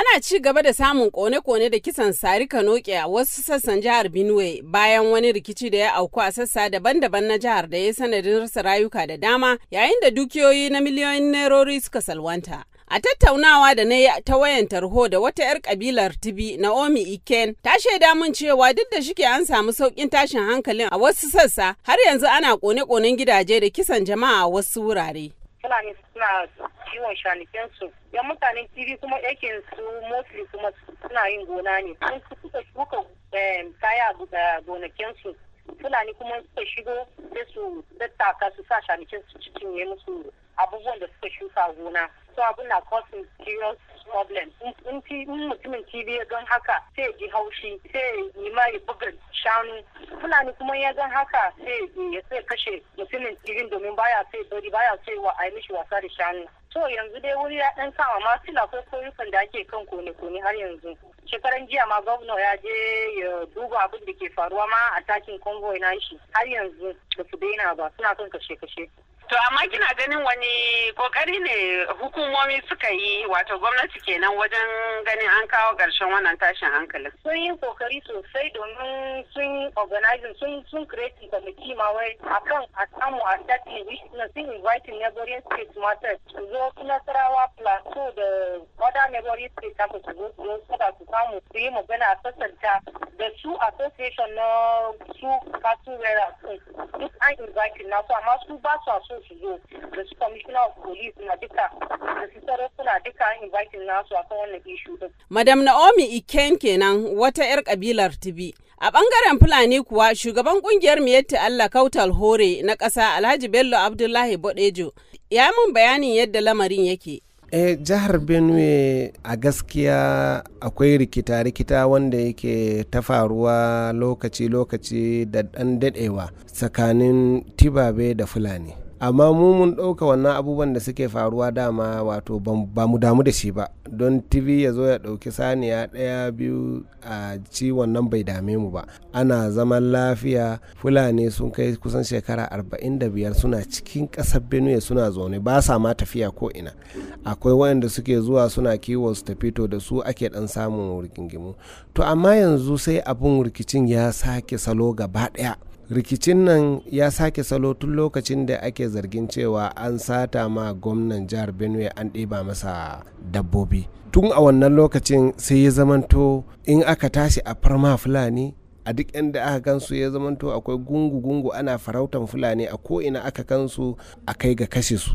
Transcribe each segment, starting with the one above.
Ana ci gaba da samun kone-kone da kisan sari kanoke a wasu sassan jihar Benue bayan wani rikici da ya auku a sassa daban-daban na jihar da ya sanadin rasa rayuka da dama yayin da dukiyoyi na miliyoyin nerori suka salwanta. A tattaunawa da na yi ta wayan tarho da wata 'yar kabilar Tibi Naomi Iken ta shaida mun cewa duk da shike an samu saukin tashin hankalin a wasu sassa har yanzu ana kone-konen gidaje da kisan jama'a a wasu wurare. fulani suna ciwon su yan mutanen kiri kuma yakin su mostly kuma suna yin gona ne sun suka shuka eh, kaya a su fulani kuma suka shigo sai su tattaka su sa su cikin ya musu abubuwan da suka shuka gona so abun na causing serious problem in mutumin kibi ya gan haka sai ya ji haushi sai ya nima ya buga shanu fulani kuma ya gan haka sai ya sai kashe mutumin kibin domin baya sai bari baya sai wa a mishi wasa da shanu so yanzu dai wuri ya dan sama ma suna ko koyukan da ake kan kone kone har yanzu shekaran jiya ma gwamna ya je ya duba abin da ke faruwa ma a takin kongo na shi har yanzu ba su daina ba suna kan kashe kashe To amma kina ganin wani kokari ne hukumomi suka yi wato gwamnati kenan wajen ganin an kawo ƙarshen wannan tashin hankalin. Sun yi kokari sosai domin sun organizing sun sun creating committee ma wai akan a samu a starting na sun inviting neighboring states matters su zo su nasarawa plateau da other neighboring states ta su zo su zo su samu su yi magana a sassanta da su association na su kasu sun duk an inviting na su amma su ba su su zo da su of police na duka da su suna duka inviting nasu kan wannan issue din. Madam Naomi Iken kenan wata 'yar kabilar Tibi. A bangaren Fulani kuwa shugaban kungiyar Miyatti Allah Kautal Hore na ƙasa Alhaji Bello Abdullahi Bodejo ya mun bayanin yadda lamarin yake. Eh, jihar benue a gaskiya akwai rikita-rikita wanda yake ta faruwa lokaci-lokaci da ɗan daɗewa tsakanin tibabe da fulani amma mu mun ɗauka wannan abubuwan da suke faruwa dama wato ba mu damu da shi ba don tv ya zo ya ɗauki saniya ɗaya biyu a ciwon nan bai dame mu ba ana zaman lafiya fulani sun kai kusan shekara arba'in da biyar suna cikin ƙasar benue suna zaune ba sa ma tafiya ko ina akwai waɗanda suke zuwa suna kiwon su tafi to da su ake ɗan samun rigingimu to amma yanzu sai abun rikicin ya sake salo gaba ɗaya rikicin nan ya sake salo tun lokacin da ake zargin cewa an sata ma gwamnan jihar benue an ɗiba masa dabbobi tun a wannan lokacin sai ya zamanto in aka tashi a farma fulani a duk inda aka gansu ya zamanto akwai gungu-gungu ana farautan fulani a ko'ina aka kansu a kai ga kashe su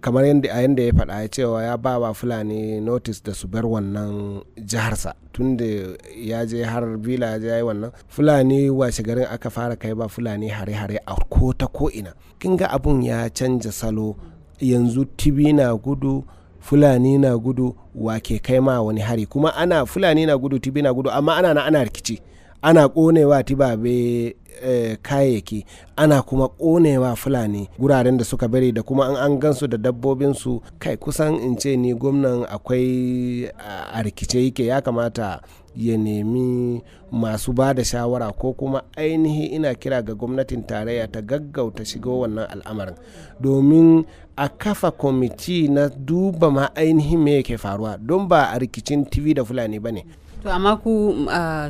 kamar yadda a yadda ya faɗa ya cewa ya ba wa fulani notice da su bar wannan jiharsa tun da ya je har bila ya yi wannan fulani washe garin aka fara kai ba fulani hare-hare a ko ta ko'ina kin ga abun ya canja salo yanzu tibi na gudu fulani na gudu wa ke kai ma wani hari kuma ana fulani na gudu tibi na gudu amma ana na ana rikici ana konewa tibabe eh, kayayyaki ana kuma konewa fulani guraren da suka bari da kuma an an gansu da dabbobinsu kai kusan in ce ni gwamnan akwai ah, a rikice yake ya kamata ya nemi masu ba da shawara ko kuma ainihi ina kira ga gwamnatin tarayya ta gaggauta shigo wannan al'amarin domin a kafa kwamiti na duba ma ainihin me yake faruwa don ba a rikicin tv da fulani ba ne to amma ku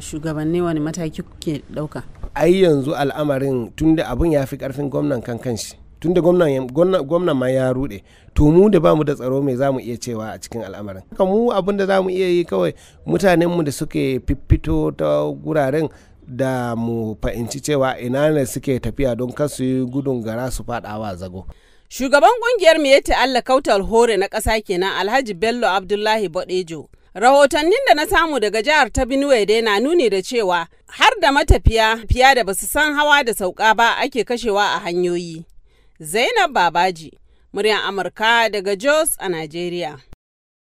shugabanni wani mataki kuke dauka ai yanzu al'amarin tunda abun ya fi karfin gwamnan kan kanshi tunda gwamnan ma ya rude to mu da bamu da tsaro mai zamu iya cewa a cikin al'amarin mu abin da zamu iya yi kawai mutanen mu da suke fiffito ta guraren da mu fahimci cewa ina ne suke tafiya don kar su yi gudun gara su fadawa zago shugaban kungiyar mu ya ta'alla kautal hore na ƙasa kenan alhaji bello abdullahi bodejo Rahotannin da na samu daga jihar ta Benue dai na nuni da cewa har da matafiya fiya da basu san hawa da sauka ba ake kashewa a hanyoyi. Zainab Babaji, muryar Amurka daga Jos a Najeriya.